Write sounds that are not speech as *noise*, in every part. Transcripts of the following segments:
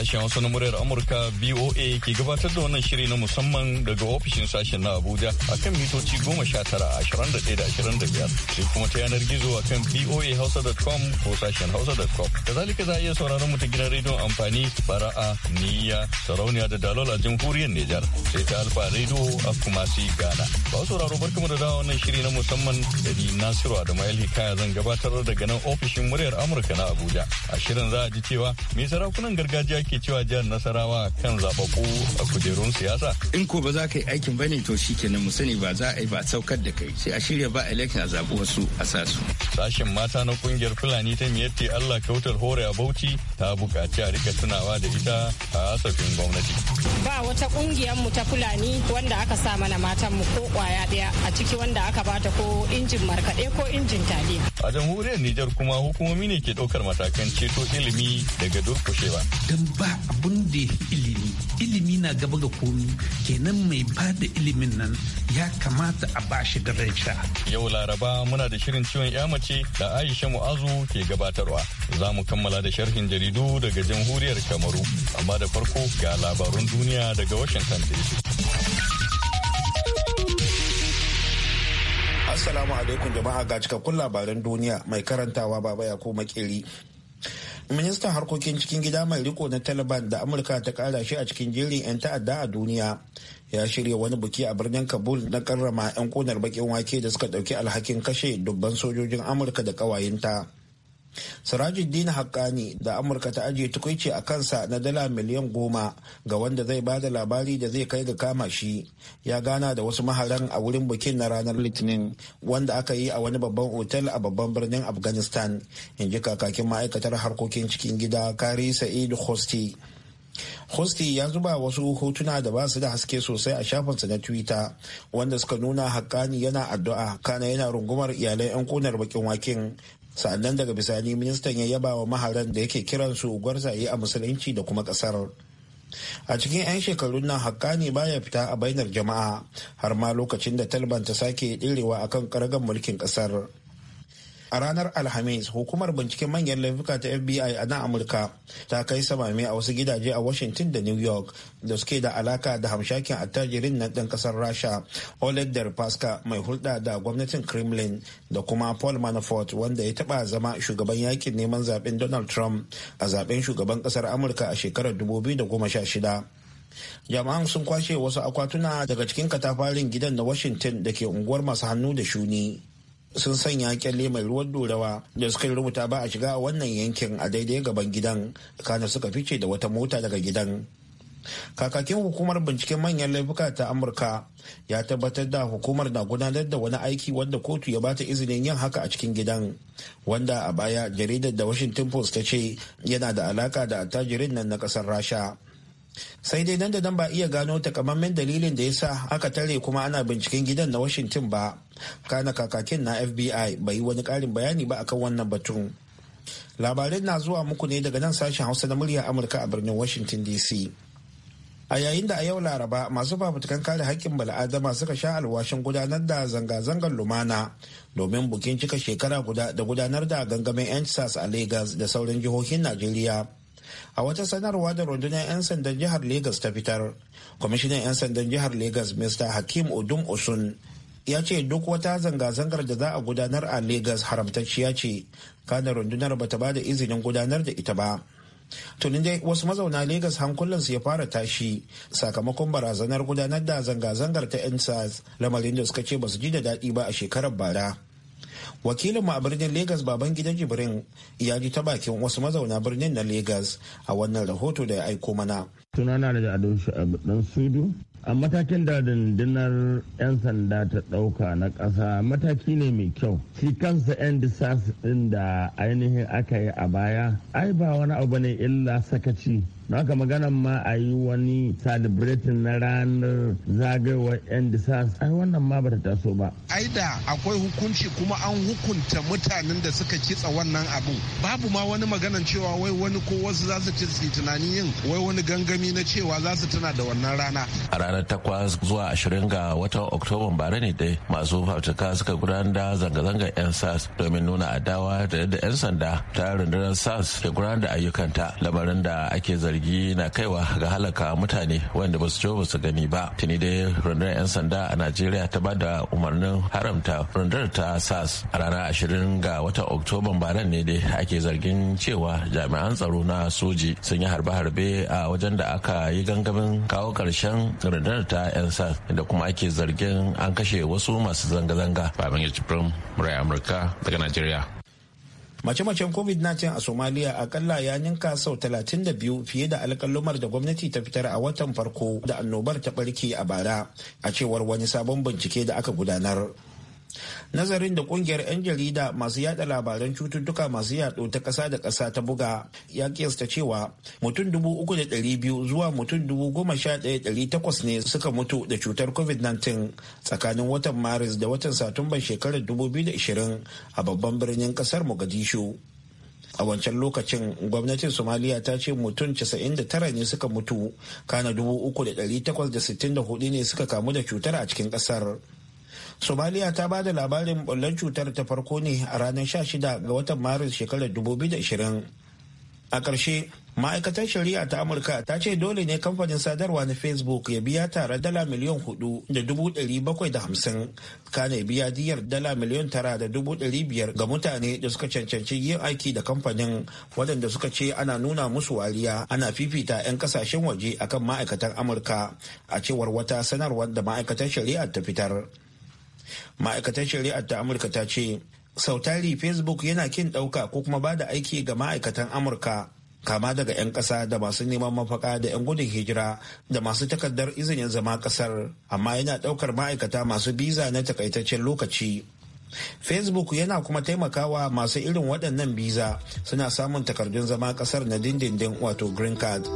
Sashen wasu na muryar Amurka BOA ke gabatar da wannan shiri na musamman daga ofishin sashen na Abuja akan mitoci goma sha tara da biyar sai kuma ta yanar gizo akan voahausa.com ko sashen hausa.com. Kazalika za a iya sauraron mu ta gidan rediyon amfani bara'a niyya sarauniya da dalol a jamhuriyar Nijar sai ta alfa rediyo a kumasi Ghana. Ba sauraro barkamu da dawa wannan shiri na musamman da ni Nasiru Adamayel Hikaya zan gabatar daga nan ofishin muryar Amurka na Abuja. A shirin za a ji cewa me sarakunan gargajiya yake cewa jihar Nasarawa kan zababu a kujerun siyasa? In ko ba za ka yi aikin ba ne to shi kenan mu sani ba za a yi ba saukar da kai sai a shirya ba election a zabu wasu a sa su. Sashen mata na kungiyar Fulani ta miyatti Allah kautar hore a Bauchi ta buƙaci a rika tunawa da ita a asafin gwamnati. Ba wata kungiyar mu ta Fulani wanda aka sa mana matan mu ko kwaya daya a ciki wanda aka bata ko injin markaɗe ko injin taliya. A jamhuriyar Nijar kuma hukumomi ne ke ɗaukar matakan ceto ilimi daga durkushewa. ba abun da ilimi ilimi na gaba ga komi kenan mai ba da ilimin nan ya kamata a ba shi da yau laraba muna da shirin ciwon ya mace da aisha mu'azu ke gabatarwa za mu kammala da sharhin jaridu daga jamhuriyar kamaru amma da farko ga labarun duniya daga washington dc Assalamu alaikum jama'a ga cikakkun labaran duniya mai karantawa baba ya ko makeri. ministan harkokin cikin gida mai riko na taliban da amurka ta kara shi a cikin jerin 'yan ta'adda a duniya ya shirya wani buki a birnin kabul na karrama 'yan konar bakin wake da suka ɗauki alhakin kashe dubban sojojin amurka da ƙawayenta. Sirajuddin Hakkani da Amurka ta ajiye tukwaice a kansa na dala miliyan goma ga wanda zai bada labari da zai kai ga kama shi ya gana da wasu maharan a wurin bikin na ranar Litinin wanda aka yi a wani babban otel a babban birnin Afghanistan in ji kakakin ma'aikatar harkokin cikin gida Kari Sa'id Hosti. Hosti ya zuba wasu hotuna da ba su da haske sosai a shafinsa na Twitter wanda suka nuna hakkani yana addu'a kana yana rungumar iyalai 'yan kunar bakin wakin sa'annan daga bisani ministan ya yaba wa maharan da yake kiran su gwarzaye a musulunci da kuma kasar a cikin 'yan shekarun nan hakkani baya fita a bainar jama'a har ma lokacin da taliban ta sake ɗirewa akan karagar mulkin kasar a ranar alhamis hukumar binciken manyan laifuka ta fbi a nan amurka ta kai samame a wasu gidaje a washington da new york da suke da alaka da hamshakin attajirin na ɗan ƙasar rasha oleg derpaska mai hulɗa da gwamnatin kremlin da kuma paul manafort wanda ya taɓa zama shugaban yakin neman zaben donald trump a zaben shugaban ƙasar amurka a shekarar 2016 jama'an sun kwashe wasu akwatuna daga cikin katafarin gidan na washington da ke unguwar masu hannu da shuni sun sanya kyalle mai ruwan dorawa da suka yi rubuta ba a shiga a wannan yankin a daidai gaban gidan kana suka fice da wata mota daga gidan kakakin hukumar binciken manyan laifuka ta amurka ya tabbatar da hukumar na gudanar da wani aiki wanda kotu ya bata izinin yin haka a cikin gidan wanda a baya jaridar da washington post ta ce yana da alaka da attajirin nan na kasar rasha sai dai nan da nan ba iya gano takamaiman dalilin da ya sa aka tare kuma ana binciken gidan na washington ba kana kakakin na fbi bai yi wani karin bayani ba akan wannan batun labarin na zuwa muku ne daga nan sashen hausa na murya amurka a birnin washington dc a yayin da a yau laraba masu fafutukan kare haƙƙin bala'adama suka sha alwashin gudanar da zanga-zangar lumana domin bukin cika shekara guda da gudanar da gangamin 'yan a lagos da sauran jihohin najeriya a wata sanarwa da rundunar 'yan sandan jihar Legas ta fitar kwamishinan 'yan sandan jihar Legas mr hakim odum osun ya ce duk wata zanga-zangar da za a gudanar a Legas haramtacciya ce kana rundunar bata ba da izinin gudanar da ita ba tunin dai wasu mazauna Legas hankulansu ya fara tashi sakamakon barazanar gudanar da zanga-zangar ta NSAS, lamarin da suka ce ba su ji da daɗi ba a shekarar bara wakilin mu a birnin Legas baban gidan Jibrin ya ji ta bakin wasu mazauna birnin na Legas a wannan rahoto da ya aiko mana. suna na da Ado dan Sudu a matakin da dindinar 'yan sanda ta ɗauka na ƙasa mataki ne mai kyau shi kansa 'yan disas ɗin da ainihin aka yi a baya ai ba wani abu ne illa sakaci haka magana ma a yi wani celebrating na ranar zagayowar yan disas ai wannan ma bata taso ba ai da akwai hukunci kuma an hukunta mutanen da suka kitsa wannan abu babu ma wani maganan cewa wai wani ko wasu za su ci tunanin yin wai wani gangami na cewa za su tuna da wannan rana a ranar takwas zuwa ashirin ga watan oktoban bara ne dai masu fafutuka suka gudanar da zanga-zangar yan sas domin nuna adawa da yadda yan sanda ta rundunar sas ke gudanar da ayyukanta lamarin da ake zargi zargi na kaiwa ga halaka mutane wanda ba su ba su gani ba tuni dai rundunar 'yan sanda a najeriya ta ba da umarnin haramta rundunar ta sas a ranar ashirin ga watan oktoban baran ne dai ake zargin cewa jami'an tsaro na soji sun yi harbe-harbe a wajen da aka yi gangamin kawo karshen rundunar ta 'yan sas da kuma ake zargin an kashe wasu masu zanga-zanga babin ya amurka daga najeriya mace-macen covid-19 a Somalia akalla ya ninka sau 32 fiye da alkalumar da gwamnati ta fitar a watan farko da annobar ta barke a bara a cewar wani sabon bincike da aka gudanar Nazarin da kungiyar 'yan jarida masu yada labaran cututtuka masu yado ta kasa da kasa ta buga ya kiyasta cewa mutum dubu uku da dari biyu zuwa mutum dubu goma sha ɗaya dari takwas ne suka mutu da cutar COVID-19 tsakanin watan Maris da watan Satumban shekarar 2020 a babban birnin kasar Mogadishu. a wancan lokacin gwamnatin somaliya ta ce mutum 99 ne suka mutu kana 3,864 ne suka kamu da cutar a cikin kasar somaliya ta ba da labarin bullar cutar ta farko ne a ranar 16 ga watan maris shekarar 2020 a ƙarshe ma'aikatar shari'a ta amurka ta ce dole ne kamfanin sadarwa na facebook ya biya tara dala miliyan hudu da dubu dari bakwai da hamsin kane biya diyar dala miliyan tara da dubu dari biyar ga mutane da suka cancanci yin aiki da kamfanin waɗanda suka ce ana nuna musu wariya ana fifita 'yan kasashen waje akan ma'aikatan amurka a cewar wata sanarwar da ma'aikatar shari'a ta fitar ma'aikatar shari'ar ta amurka ta ce sautari facebook yana kin ɗauka ko kuma ba da aiki ga ma'aikatan amurka kama daga 'yan ƙasa da masu neman mafaka da 'yan gudun hijira da masu takardar izinin zama ƙasar amma yana ɗaukar ma'aikata masu biza na takaitaccen lokaci facebook yana kuma taimakawa masu irin waɗannan biza suna samun takardun zama ƙasar na dindindin wato green card.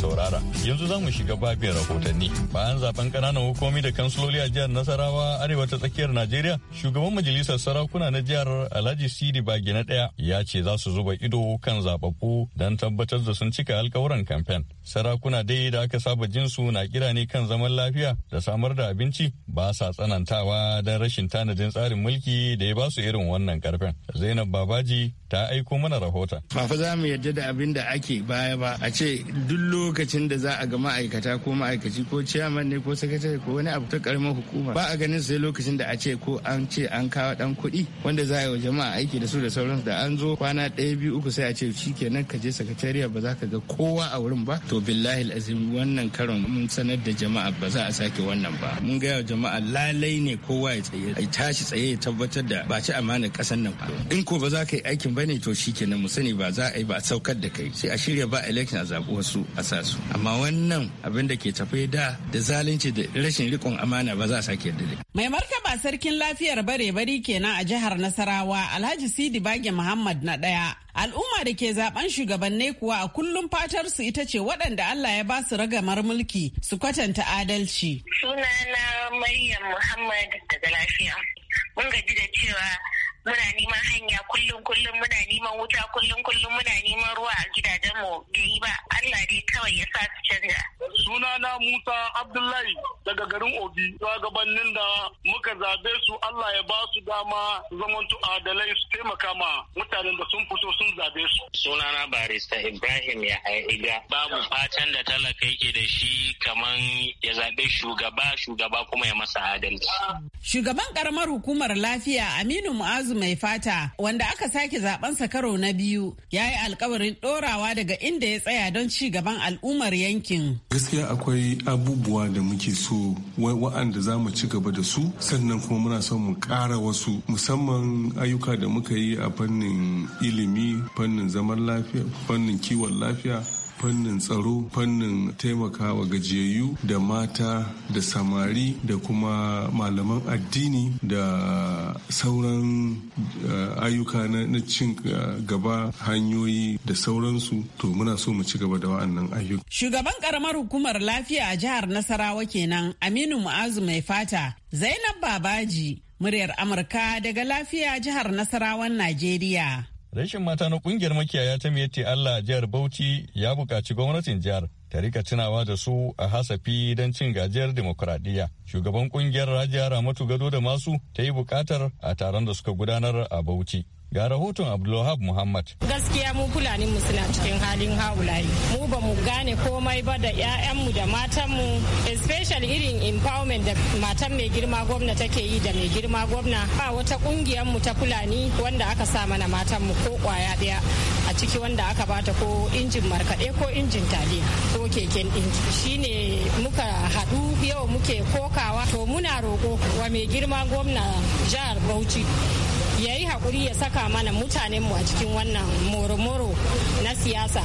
saurara. Yanzu za mu shiga babin rahotanni. Bayan zaben ƙananan hukumomi da kansuloli a jihar Nasarawa arewa ta tsakiyar Najeriya, shugaban majalisar sarakuna na jihar Alhaji Sidi Bagi na ɗaya ya ce za su zuba ido kan zababbu don tabbatar da sun cika alkawuran kamfen. Sarakuna dai da aka saba jin su na kira ne kan zaman lafiya da samar da abinci ba sa tsanantawa don rashin tanadin tsarin mulki da ya ba su irin wannan karfen. Zainab Babaji ta aiko mana rahota. Ba fa za mu yarda da abin da ake baya ba a ce duk lokacin da za a ga ma'aikata ko ma'aikaci ko ciyaman ne ko sakatare ko wani abu ta karamin hukuma ba a ganin sai lokacin da a ce ko an ce an kawo dan kuɗi wanda za a yi wa jama'a aiki da su da sauransu da an zo kwana ɗaya biyu uku sai a ce shi kenan ka je sakatariya ba za ka ga kowa a wurin ba to billahi azim wannan karon mun sanar da jama'a ba za a sake wannan ba mun gaya wa jama'a lalai ne kowa ya tsaye ya tashi tsaye ya tabbatar da ba ci amana kasan nan ba in ko ba za ka yi aikin ba ba ne to shi kenan mu ba za a yi ba a saukar da kai sai a shirya ba election a zaɓi wasu a sa su amma wannan abin da ke tafe da da zalunci da rashin rikon amana ba za a sake yarda mai martaba sarkin lafiyar bare bari kenan a jihar nasarawa alhaji sidi bage muhammad na daya al'umma da ke zaben shugabanni kuwa a kullum fatar su ita ce waɗanda Allah ya ba su ragamar mulki su kwatanta adalci sunana maryam muhammad daga lafiya mun gaji da cewa muna neman hanya kullum kullum muna neman wuta kullum kullum muna neman ruwa a gidajen mu bai ba Allah dai kawai ya sa su canja suna Musa Abdullahi daga garin Obi gabanin da muka zabe su Allah ya ba su dama zamantu adalai su taimaka ma mutanen da sun fito sun zabe su suna na barista Ibrahim ya haiga babu fatan da talaka yake da shi kaman ya zabe shugaba shugaba kuma ya masa adalci shugaban karamar hukumar lafiya Aminu Mu'azu mai fata wanda aka sake sa karo na biyu ya yi alkawarin ɗorawa daga inda ya tsaya don ci gaban al'ummar yankin. Gaskiya akwai abubuwa da muke so wa'anda za mu ci gaba da su sannan kuma muna son mu ƙara wasu musamman ayyuka da muka yi a fannin ilimi fannin zaman lafiya fannin kiwon lafiya fannin tsaro fannin taimakawa gajiyayyu da mata da samari da kuma malaman addini da sauran eh, ayyuka na cin eh, gaba hanyoyi da sauransu to muna so mu ci gaba da wa'annan ayyuka. Shugaban karamar hukumar lafiya a jihar Nasarawa kenan Aminu Mu'azu mai fata Zainab Babaji muryar Amurka daga lafiya jihar Nasarawan Najeriya. Rashin mata na kungiyar makiyaya ta Mete Allah jihar Bauchi ya buƙaci gwamnatin jihar ta rika tunawa da su a hasafi don cin gajiyar dimokuraɗiyya. shugaban kungiyar Rajiya Ramatu Gado da Masu ta yi bukatar a taron da suka gudanar a Bauchi. Ga rahoton Abdulwahab Muhammad. Gaskiya mu Fulani mu suna cikin halin haulayi. Mu ba mu gane komai ba da 'ya'yanmu da matanmu, especially irin empowerment da matan mai girma gwamna take yi da mai girma gwamna. Ba wata mu ta Fulani wanda aka sa mana matanmu ko kwaya ɗaya. a ciki wanda aka bata ko injin markaɗe ko injin taliya ko keken ɗinki shine muka haɗu yau muke ko. to muna roko wa mai girma gwamna jihar Bauchi ya yi haƙuri ya saka mana mutanenmu a cikin wannan moro-moro na siyasa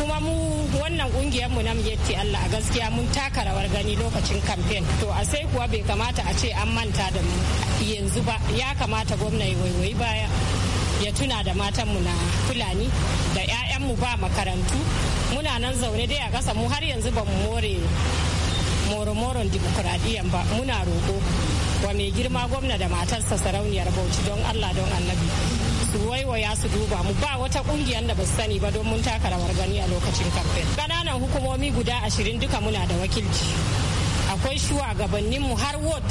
kuma mu wannan mu na miyatti Allah a gaskiya mun taka rawar gani lokacin kamfen to a sai kuwa bai kamata a ce an manta da mu yanzu ba ya kamata gwamna ya waiwayi baya ya tuna da matanmu na fulani da 'ya'yanmu ba makarantu muna nan zaune dai a ƙasa mu har yanzu ba mu more moromoron dimokuraɗiyyar ba muna roƙo wa mai girma gwamna da matarsa sarauniyar bauchi don allah don annabi su waiwaya su duba mu ba wata ƙungiyar da ba su sani ba don mun taka rawar gani a lokacin kamfen ƙananan hukumomi guda ashirin duka muna da wakilci akwai mu har ward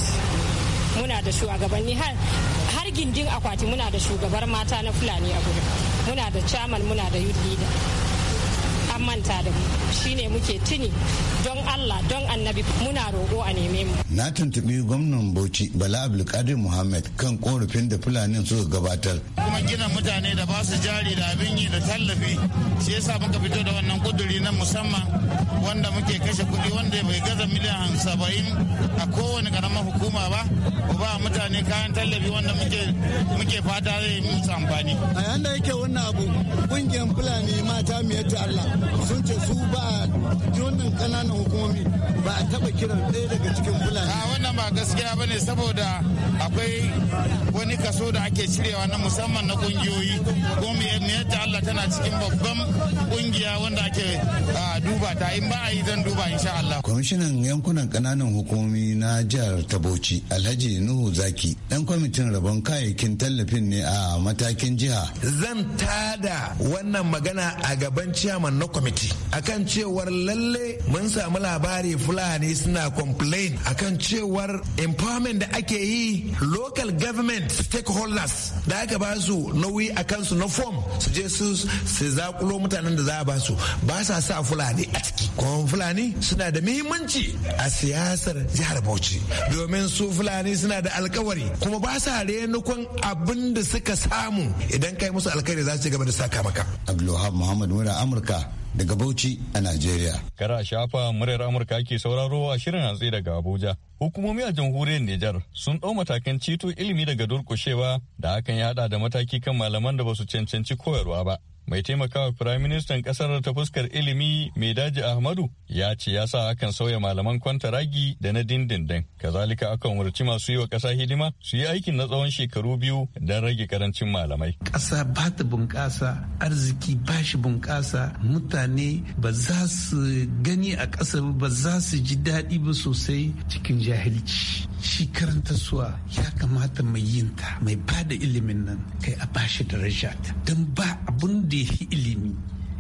muna da shugabanni har har gindin akwati muna da shugabar mata na fulani a gudu muna da chairman muna da youth manta da mu shine muke tuni don Allah don annabi muna roƙo a neme mu. Na tuntuɓi gwamnan Bauchi Bala Abdulkadir Muhammad kan korafin da Fulani suka gabatar. Kuma gina mutane da ba su jari da abin yi da tallafi shi yasa muka fito da wannan kuduri na musamman wanda muke kashe kuɗi wanda bai gaza miliyan saba'in a kowane karamar hukuma ba ko ba mutane kayan tallafi wanda muke fata zai yi musu amfani. A yanda yake wannan abu kungiyar Fulani mata miyar ta Allah sun ce su ba wannan kananan hukumomi ba a taba kiran ɗaya daga cikin fulani a wannan ba gaskiya ba ne saboda akwai wani kaso da ake cirewa na musamman na kungiyoyi gwamnati yadda Allah tana cikin babban kungiya wanda ake duba ta in ba a yi zan duba insha Allah kwamishinan yankunan kananan hukumomi na jihar ta Bauchi Alhaji Nuhu Zaki dan kwamitin rabon kayayyakin tallafin ne a matakin jiha zan tada wannan magana a gaban ciyaman na kwamiti akan cewar lalle mun samu labari fulani suna complain akan cewar empowerment da ake yi local government stakeholders da aka ba su nauyi a kansu na form su je su su zakulo mutanen da za a ba su ba sa sa fulani a ciki kuma fulani suna da muhimmanci a siyasar jihar bauchi domin su fulani suna da alkawari kuma ba sa renukon abin da suka samu idan kai musu alkawari za su ci gaba da saka maka abdulwahab muhammad muna amurka daga Bauchi a Najeriya. Kara shafa muryar Amurka ke sauraro a shirin hantsi daga Abuja. Hukumomi a jamhuriyar Nijar sun ɗau matakan ceto ilimi daga durƙushewa da hakan ya haɗa da mataki kan malaman da ba su cancanci koyarwa ba. mai taimakawa firayim ministan kasar ta fuskar ilimi mai daji ahmadu ya ce ya sa akan sauya malaman kwantaragi da na dindindin kazalika akan umarci masu yi wa kasa hidima su yi aikin na tsawon shekaru biyu don rage karancin malamai ƙasa ba ta bunƙasa arziki ba shi bunƙasa mutane ba za su gani a ƙasa ba za su ji daɗi ba sosai cikin jahilci shi karanta suwa ya kamata mai yinta mai ba da ilimin nan kai a bashi daraja don ba abun da da fi ilimi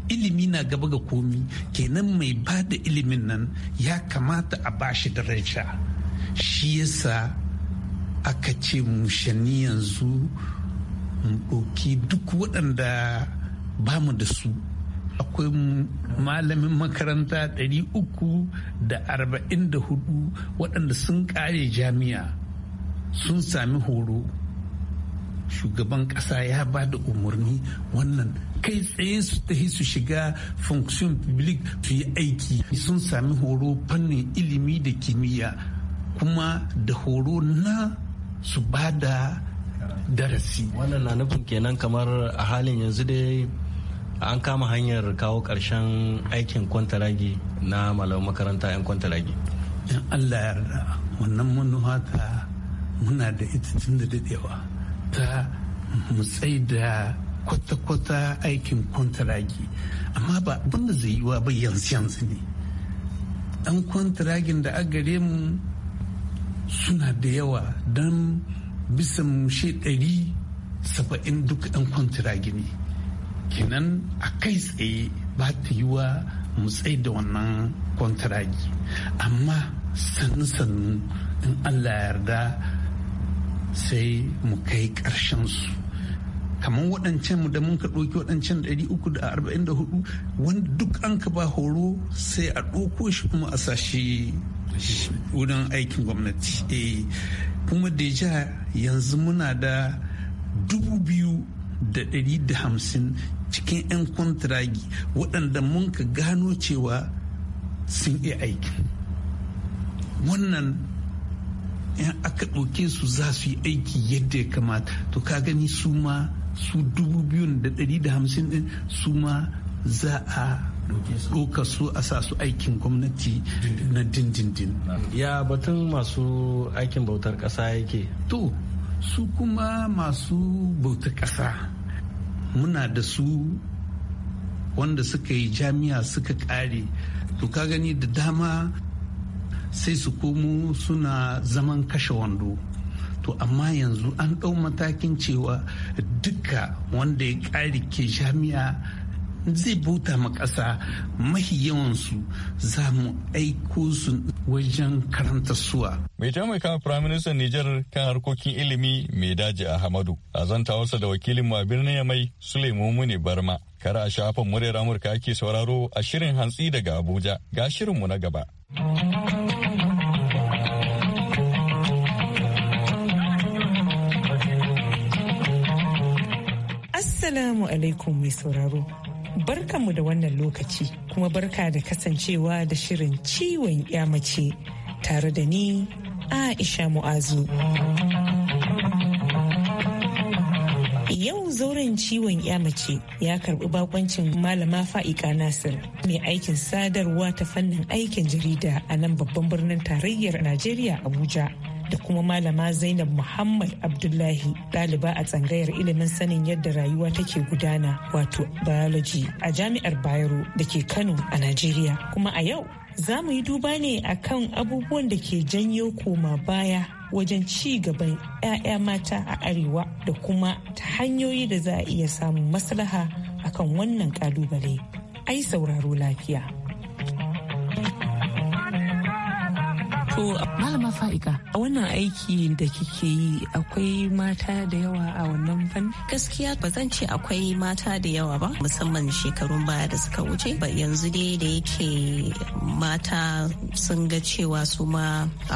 ilimi na gaba ga komi kenan mai ba da ilimin nan ya kamata a ba shi daraja shi yasa aka ce mushani yanzu mu ɗauki duk waɗanda ba mu da su akwai malamin makaranta 344 waɗanda sun ƙare jami'a sun sami horo shugaban ƙasa ya ba da umarni wannan kai tsaye su tafi su shiga function public su yi aiki sun sami horo fannin ilimi da kimiyya kuma da horo na su ba da darasi wannan na nufin kenan kamar a halin yanzu dai an kama hanyar kawo ƙarshen aikin kwantaragi na malam makaranta 'yan kwantaragi in allah yarda wannan manuwa ta muna da ita tun da dadewa ta mutsai da kwata-kwata aikin kwantaragi amma ba abinda zai yi wa ba yanzu yanzu ne dan kwantaragin da gare mu suna da yawa don bisa mushe ɗari saba'in duk dan kwantaragi ne kenan a kai tsaye ba ta yiwa mu tsaye da wannan kwantaragi amma sannu-sannu in allah yarda sai mu kai ƙarshen su kamar waɗancan da mun ka ɗauki waɗancan 344 wanda duk an ka ba horo sai a ɗauko shi kuma a sashi wurin aikin gwamnati eh, kuma deja yanzu muna da dubu biyu da ɗari da hamsin cikin 'yan kwantiragi waɗanda mun ka gano cewa sun iya aiki wannan yan aka ɗauke su za su yi aiki yadda ya kamata to ka gani su ma su dubu biyun da ɗari da hamsin ɗin su ma za a ɗauka su a sa su aikin gwamnati na dindindin. Ya batun masu aikin bautar ƙasa yake? To, su kuma masu bautar ƙasa muna da su wanda suka yi jami'a suka ƙare. To ka gani da dama sai su komo suna zaman kashe wando. to amma yanzu an ɗau matakin cewa duka wanda ya ƙari ke jami'a zai bauta ma ƙasa mahi yawansu za mu aiko su wajen karanta suwa. Mai taimaka Firaministan Nijar kan harkokin ilimi mai daji Ahmadu a wasa da wakilin ma birnin Yamai sulaimu Mune Barma. kara a shafin muryar Amurka ake sauraro a shirin hantsi daga Abuja ga shirinmu na gaba. Assalamu alaikum mai sauraro. barka mu da wannan lokaci kuma barka da kasancewa da shirin ciwon mace tare da ni Aisha Mu'azu. Yau zauren ciwon mace ya karbi bakoncin malama fa'ika Nasir mai aikin sadarwa ta fannin aikin jarida a nan babban birnin tarayyar Najeriya Abuja. da kuma malama Zainab Muhammad Abdullahi ɗaliba a tsangayar ilimin sanin yadda rayuwa take gudana wato biology a jami'ar Bayero da ke Kano a Najeriya. Kuma a yau za mu yi duba ne akan abubuwan da ke janyo koma baya wajen ci gaban 'ya'ya mata a arewa da kuma ta hanyoyi da za a iya samun maslaha akan wannan kalubale. Ai sauraro lafiya. To malama fa'ika a wannan aiki da kike yi akwai mata da yawa a wannan fanni? Gaskiya ba zan ce akwai mata da yawa ba musamman shekarun baya da suka wuce ba yanzu dai da yake mata sun ga cewa su ma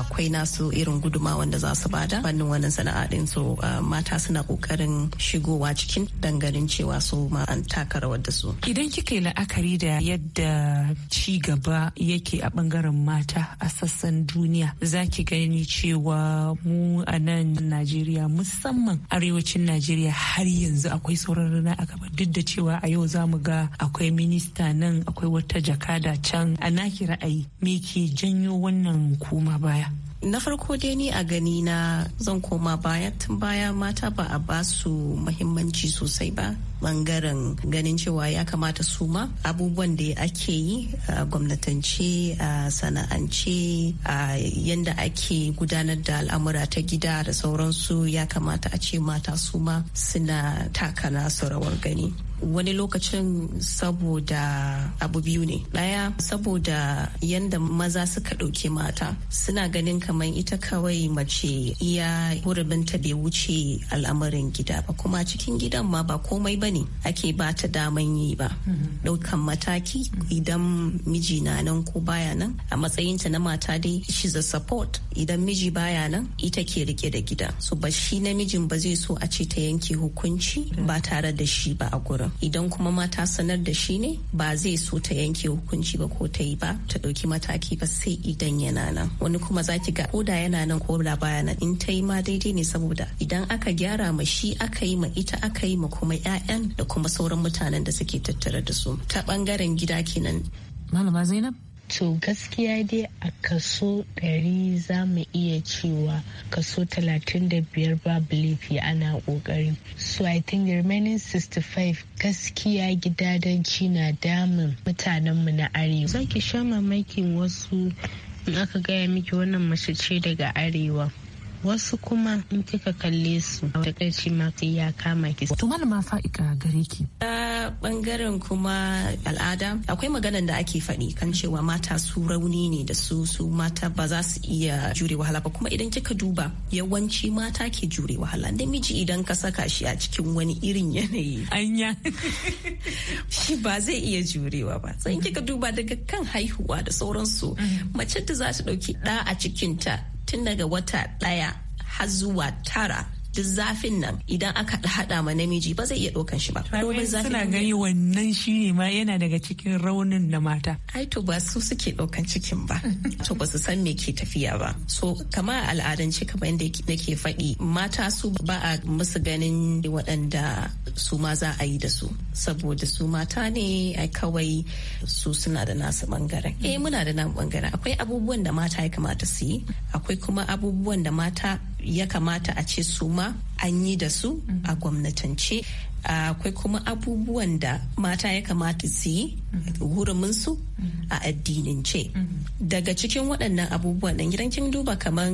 akwai nasu irin guduma wanda za su bada fannin wannan sana'a din so uh, mata suna kokarin shigowa cikin danganin cewa su ma an taka rawar da su. Idan kika yi la'akari da yadda ci gaba yake a bangaren mata a sassan duniya duniya za ki gani cewa mu a nan najeriya musamman arewacin najeriya har yanzu akwai sauran rana a gaba duk da cewa a yau za mu ga akwai minista nan akwai wata jakada can a naki ra'ayi me ke janyo wannan koma baya na farko dai ni a gani na zan koma baya tun baya mata ba a ba su muhimmanci sosai ba bangaren ganin cewa ya kamata su ma abubuwan da ake yi a gwamnatance a sana'ance a yadda ake gudanar da al'amura ta gida da sauransu ya kamata a ce mata su ma suna taka nasu rawar gani wani lokacin saboda abu biyu ne ɗaya saboda yanda maza suka ɗauke mata suna ganin kamar ita kawai mace iya ta bai wuce al'amarin gida ba kuma cikin gidan ma ba komai ba ne ake ba ta daman yi ba mm-hmm. ɗaukan mataki idan miji na nan ko baya nan a matsayinta na mata dai she's a support idan miji baya nan ita ke rike da gida so ba shi namijin ba zai so a ce ta yanke hukunci ba tare da shi ba a gurin idan kuma mata sanar da shi ne ba zai so ta yanke hukunci ba ko ta yi ba ta ɗauki mataki ba sai idan yana nan wani kuma zaki ga koda yana nan ko da baya nan in ta yi ma daidai ne saboda idan aka gyara ma shi aka yi ma ita aka yi ma kuma 'ya'yan da kuma sauran mutanen da suke tattare da su ta ɓangaren gida kenan malama zainab To gaskiya dai a kaso ɗari za mu iya cewa kaso talatin da biyar babu laifi ana ƙoƙari. So I think the remaining 65 gaskiya gidadanci na damun mutanenmu na arewa. Zaki sha mamakin wasu in aka gaya miki wannan mace ce daga arewa wasu kuma in kika kalle su da ƙarshe ma sai ya kama ki. To malama fa'ika gare ki. Ta bangaren kuma al'ada akwai maganan da ake faɗi kan cewa mata su rauni ne da su su mata ba za su iya jure wahala ba kuma idan kika duba yawanci mata ke jure wahala namiji idan ka saka shi a cikin wani irin yanayi. Anya. *laughs* shi ba zai iya jurewa ba. Sai kika duba daga kan haihuwa da sauransu mm-hmm. mace da za ta ɗauki ɗa a cikinta tun daga wata ɗaya har zuwa tara duk zafin nan idan aka haɗa ma namiji ba zai iya ɗaukan shi ba. Komai zafin suna gani wannan shi ma yana daga cikin raunin na mata. Ai to ba su suke ɗaukan cikin ba. *laughs* To ba su san me ke tafiya ba. So kama al'adance kamar yadda nake faɗi mata su ba a musu ganin waɗanda su ma za a yi da su. Saboda su mata ne ai kawai su suna da nasu bangaren. Eh muna da nan bangaren akwai abubuwan da mata ya kamata su yi akwai kuma abubuwan da mata ya kamata a ce su ma an yi da su a gwamnatance akwai kuma abubuwan da mata ya kamata su yi huruminsu a addinince daga cikin waɗannan abubuwan nan gidan kin duba kamar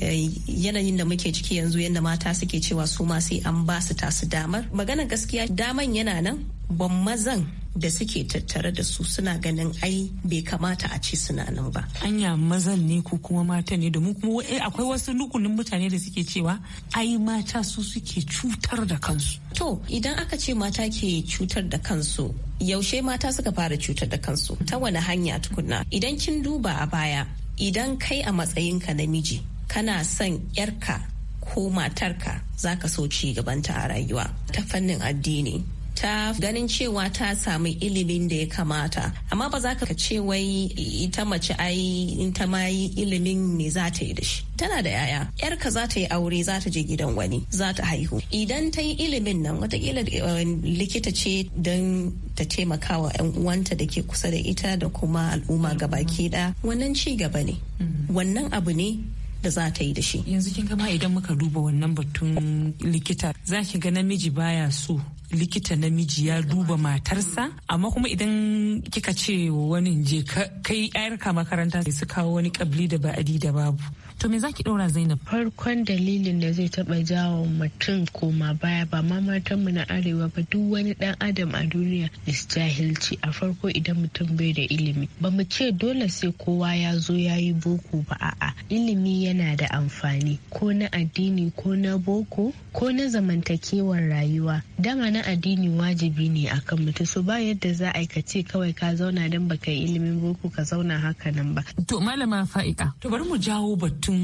eh, yanayin da muke ciki yanzu yadda mata suke cewa su ma sai an ba su tasu damar maganar gaskiya daman yana nan ban mazan da suke tattare da su suna ganin ai bai kamata a ci suna nan ba. Anya mazan ne ko kuma mata ne domin kuma eh, akwai wasu rukunin mutane da suke cewa ai mata su suke cutar da kansu. To idan aka ce mata ke cutar da kansu yaushe mata suka fara cutar da kansu ta wani hanya tukunna idan kin duba a baya idan kai a matsayinka namiji kana son yarka ko matarka za ka so ci gabanta a rayuwa ta fannin addini ta ganin cewa ta samu ilimin da ya kamata amma ba za ka ce wai ita mace ai in ta ma yi ilimin ne za ta yi da shi tana da yaya yarka za ta yi aure za ta je gidan wani za ta haihu idan ta yi ilimin nan watakila eh, likita ce don ta taimaka wa 'yan uwanta da ke kusa da ita da kuma al'umma gabaki ɗaya wannan ci gaba ne mm-hmm. wannan abu ne da za ta yi da shi. Yanzu kin gama idan muka duba wannan batun likita za ki ga namiji baya so likita namiji ya duba matarsa amma kuma idan kika ce wani je kai yarka makaranta sai su kawo wani kabli da ba'adi da babu to me zaki ɗora zainab farkon dalilin da zai taba jawo mutum koma baya ba ma matan mu na arewa ba duk wani dan adam a duniya is jahilci a farko idan mutum bai da ilimi ba mu ce dole sai kowa ya zo ya yi boko ba a'a ilimi yana da amfani ko na addini ko na boko ko na zamantakewar rayuwa dama na na addini wajibi ne a kan mutum su ba yadda za a ce kawai ka zauna dan baka yi ilimin boko ka zauna haka nan ba. To malama fa'ika. To bari mu jawo batun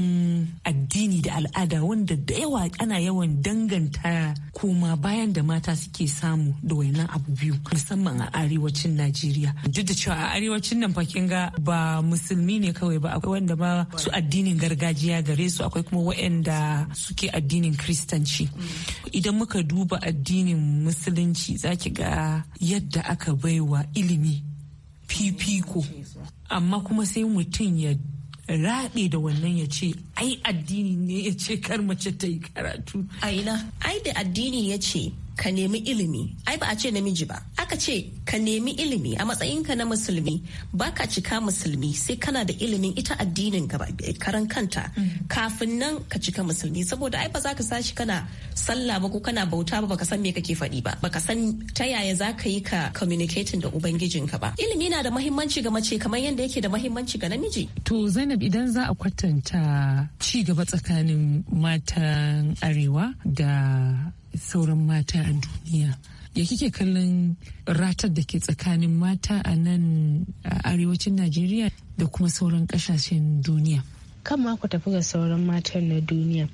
addini da al'ada wanda da yawa ana yawan danganta koma bayan da mata suke samu da wayannan abu biyu musamman a arewacin Najeriya. Duk da cewa a arewacin nan fakin ga ba musulmi ne kawai ba akwai wanda ma su addinin gargajiya gare su akwai kuma wayanda suke addinin kristanci. Idan muka duba addinin musulunci zaki ga yadda aka baiwa ilimi fifiko amma kuma sai mutum ya raɗe da wannan ya ce ai addini ne ya ce kar mace ta yi karatu. Aina, ai da addini ya ce ka nemi ilimi, ai ba a ce namiji ba. aka ce ka nemi ilimi a matsayinka na musulmi baka cika musulmi sai kana da ilimin ita addinin eh, karan kanta mm. kafin nan ka cika musulmi saboda ai ba za ka sashi kana sallah ba ko kana bauta ba baka san me kake faɗi ba baka san ta yaya za ka yi ka communicating da ubangijinka ba ilimi na da mahimmanci ga mace kamar yadda yake da mahimmanci ga namiji to Zainab idan za a kwatanta ci gaba tsakanin matan arewa da sauran mata a duniya ya kike kallon ratar da ke tsakanin mata a nan arewacin najeriya da kuma sauran kasashen duniya kan ma ku tafi ga sauran matan na duniya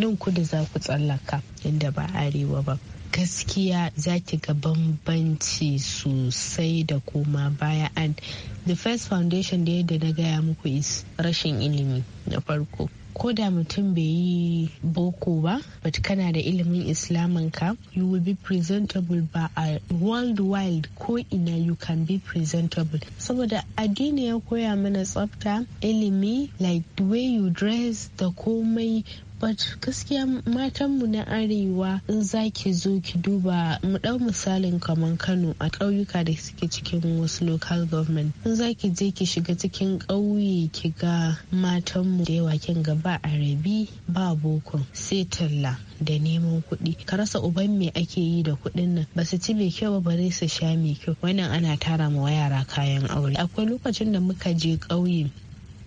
nan kudu za ku tsallaka inda ba arewa ba gaskiya za ki ga bambanci sosai da koma baya and the first foundation da yadda na gaya muku is rashin ilimi na farko ko da mutum bai yi boko ba but kana da ilimin islamin ka you will be presentable ba a world wide ko ina you can be presentable saboda addini ya koya mana tsafta ilimi like the way you dress da komai but gaskiya matanmu na arewa in za ki zo ki duba mu ɗau misalin kamar kano a ƙauyuka da suke cikin wasu local government in za ki je ki shiga cikin ƙauye ki ga matanmu da yawa kin ga ba arabi ba boko sai talla da neman kuɗi ka rasa uban me ake yi da kuɗin nan ba su ci mai kyau ba bare su sha mai kyau wannan ana tara ma yara kayan aure akwai lokacin da muka je ƙauye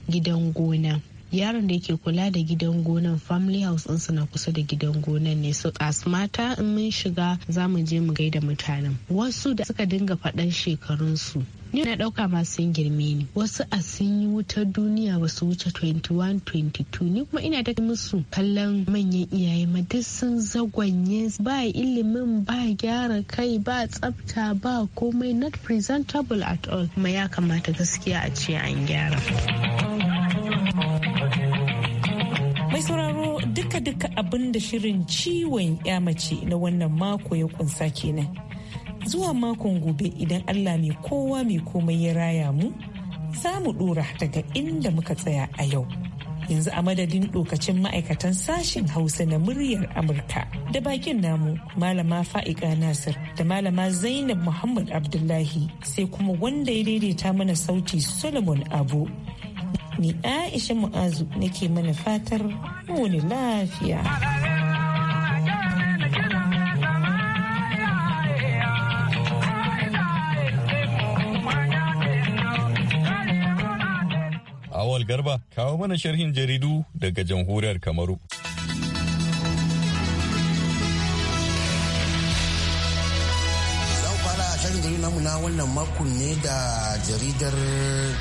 gidan gona yaron da yake kula da gidan gonan family house su na kusa da gidan gonan ne so as mata in mun shiga za mu je mu gaida mutanen wasu da suka dinga faɗan su ni na ɗauka ma sun girme ni wasu a sun yi wutar duniya ba su wuce 21 22 ni kuma ina ta musu kallon manyan iyaye ma duk sun zagwanye ba ilimin ba gyara kai ba tsafta ba komai not presentable at all kuma ya kamata gaskiya a ce an gyara. duka-duka abin da shirin ciwon ya mace na wannan mako ya kunsa kenan. Zuwa makon gobe idan Allah mai kowa mai komai ya raya mu, za mu dora daga inda muka tsaya a yau. Yanzu a madadin dokacin ma'aikatan sashen Hausa na muryar Amurka da bakin namu Malama Fa'ika Nasir da Malama Zainab Muhammad Abdullahi sai kuma wanda ya daidaita mana sauti Solomon Abu. ni aisha mu'azu nake mana fatar muni lafiya Awal Garba kawo mana sharhin jaridu daga jamhuriyar Kamaru. na wannan makon ne da jaridar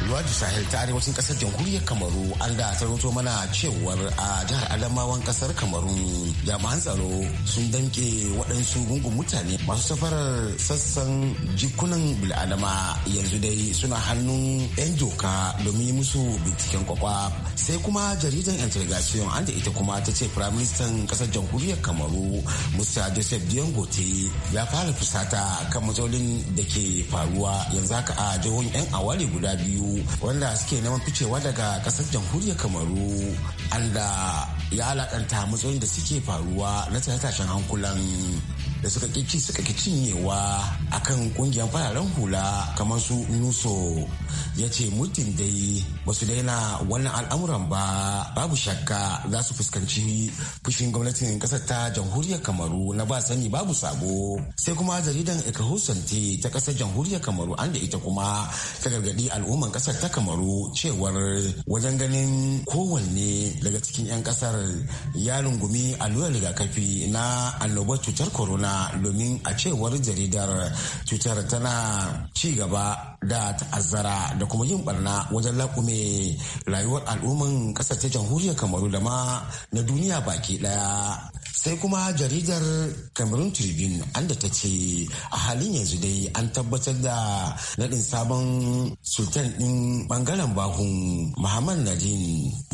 Luwadi Sahel ta arewacin kasar jamhuriyar Kamaru an da ta mana cewar a jihar Adamawan kasar Kamaru jami'an tsaro sun danke waɗansu gungun mutane masu safarar sassan jikunan bil'adama yanzu dai suna hannun 'yan doka domin yi musu binciken kwakwa sai kuma jaridar intergation an da ita kuma ta ce firaministan kasar jamhuriyar kamaru musa joseph diangote ya fara fusata kan matsalolin da ke ke faruwa yanzu haka a jihohin 'yan aware guda biyu wanda suke neman ficewa daga kasar jamhuriyar kamaru anda ya alakanta matsayin da suke faruwa na tashen hankulan da suka kici suka ki cinyewa akan kungiyar fararen hula kamar su nuso ya ce mutum dai ba su daina wannan al'amuran ba babu shakka za su fuskanci fushin gwamnatin ƙasar ta jamhuriyar kamaru na ba sani babu sabo sai kuma jaridan ikahusanti ta ƙasar jamhuriyar kamaru an da ita kuma ta gargaɗi al'umman ƙasar ta kamaru cewar wajen ganin kowanne daga cikin 'yan ƙasar ya rungumi allurar rigakafi na annobar cutar corona corona domin a cewar jaridar cutar tana ci gaba da ta'azzara da kuma yin barna wajen lakume rayuwar al'umman kasar ta jamhuriyar kamaru da ma na duniya baki daya sai kuma jaridar cameroon tribune an da ta ce a halin yanzu dai an tabbatar da nadin sabon sultan din ɓangaren bahun muhammad nadin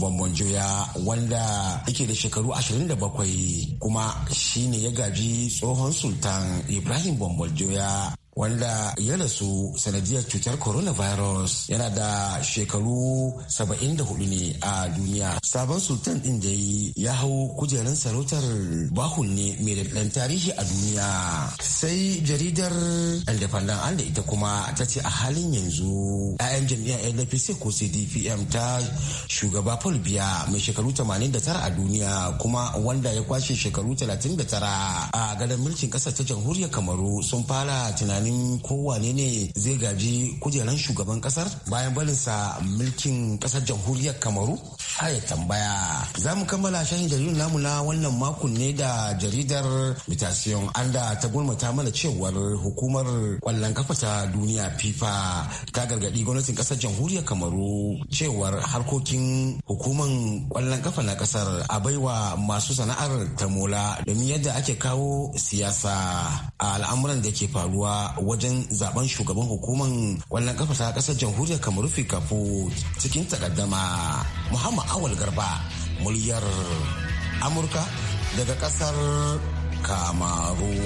bambonjoya wanda yake da shekaru 27 kuma shine ya gaji tsohon tsohon sultan ibrahim bambaljoya wanda ya rasu sanadiyar cutar coronavirus yana da shekaru 74 ne a duniya sabon sultan din da ya hau kujerar sarautar bahun ne mai daɗin tarihi a duniya sai jaridar independent an da ita kuma ta ce a halin yanzu 'ya'yan jam'i'a ldpc ko cdpm ta shugaba paul biya mai shekaru 89 a duniya kuma wanda ya kwashe shekaru 39 a gadon mulkin ƙasar ta jamhuriyar kamaru sun fara tunanin tunanin kowane ne zai gaji kujeran shugaban kasar bayan barinsa mulkin kasar jamhuriyar kamaru ya tambaya za mu kammala shahin jaridun namu na wannan makon ne da jaridar mutation anda ta ta mana cewar hukumar kwallon kafa ta duniya fifa ta gargadi gwamnatin kasar jamhuriyar kamaru cewar harkokin hukuman kwallon kafa na kasar a baiwa masu sana'ar tamola domin yadda ake kawo siyasa a al'amuran da ke faruwa wajen zaben shugaban hukumar wannan kafa ta kasar jamhuriyar kamaru kafu cikin takaddama muhammad awal garba muryar amurka daga kasar kamaru.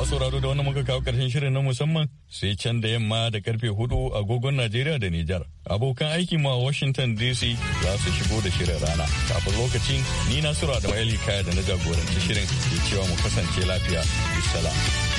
wasu sauraro da wani muka kawo karshen shirin na musamman sai can da yamma da karfe hudu agogon Najeriya da Nijar. Abokan aiki ma Washington DC za su shigo da shirin rana. Kafin lokacin ni na sura da Maili Kaya da na jagoranci shirin ke cewa mu kasance lafiya. Bisalam.